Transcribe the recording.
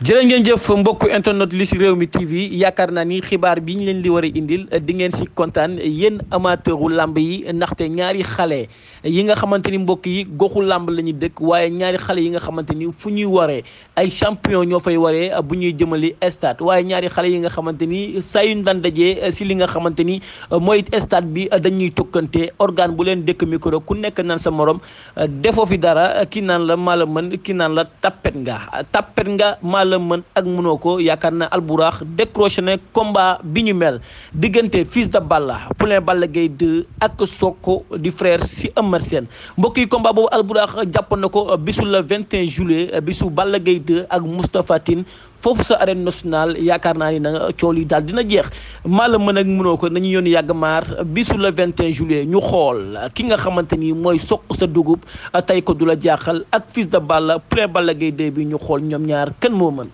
jërë ngeen jëf mbokk internet li si réew mi TV yaakaar naa ni xibaar bi ñu leen li war a indil di ngeen ci kontaan yéen amateuru làmb yi ndaxte ñaari xale yi nga xamante ni mbokk yi goxu làmb la ñuy dëkk waaye ñaari xale yi nga xamante ni fu ñuy waree ay champion ñoo fay waree bu ñuy jëmali stade waaye ñaari xale yi nga xamante ni saa yu ñu daan li nga xamante ni mooy stade bi dañuy tokkante organe bu leen dëkk micro ku nekk naan sa morom defoo fi dara ki naan la maa mën ki naan la tappet nga tappet nga maa la mën ak mënoo ko yaakaar na alburaax décroché ne combat bi ñu mel diggante fils de Balla poulain Balla Gaye 2 ak Sokko di frère si Eumeu Sène mbokk yi combat boobu alburaax jàppoon na ko bisu le 21 juillet bisu Balla Gaye 2 ak Moustapha Tine foofu sa arène nationale yaakaar naa ni na cool yi daal dina jeex maa la mën ak munoo ko nañu yoon yàgg maar bisu le 21 juillet ñu xool ki nga xamante ni mooy soq sa dugub tey ko du la jaaxal ak fils de Balla pré Balla Gaye 2 bi ñu xool ñoom ñaar kenn moo mën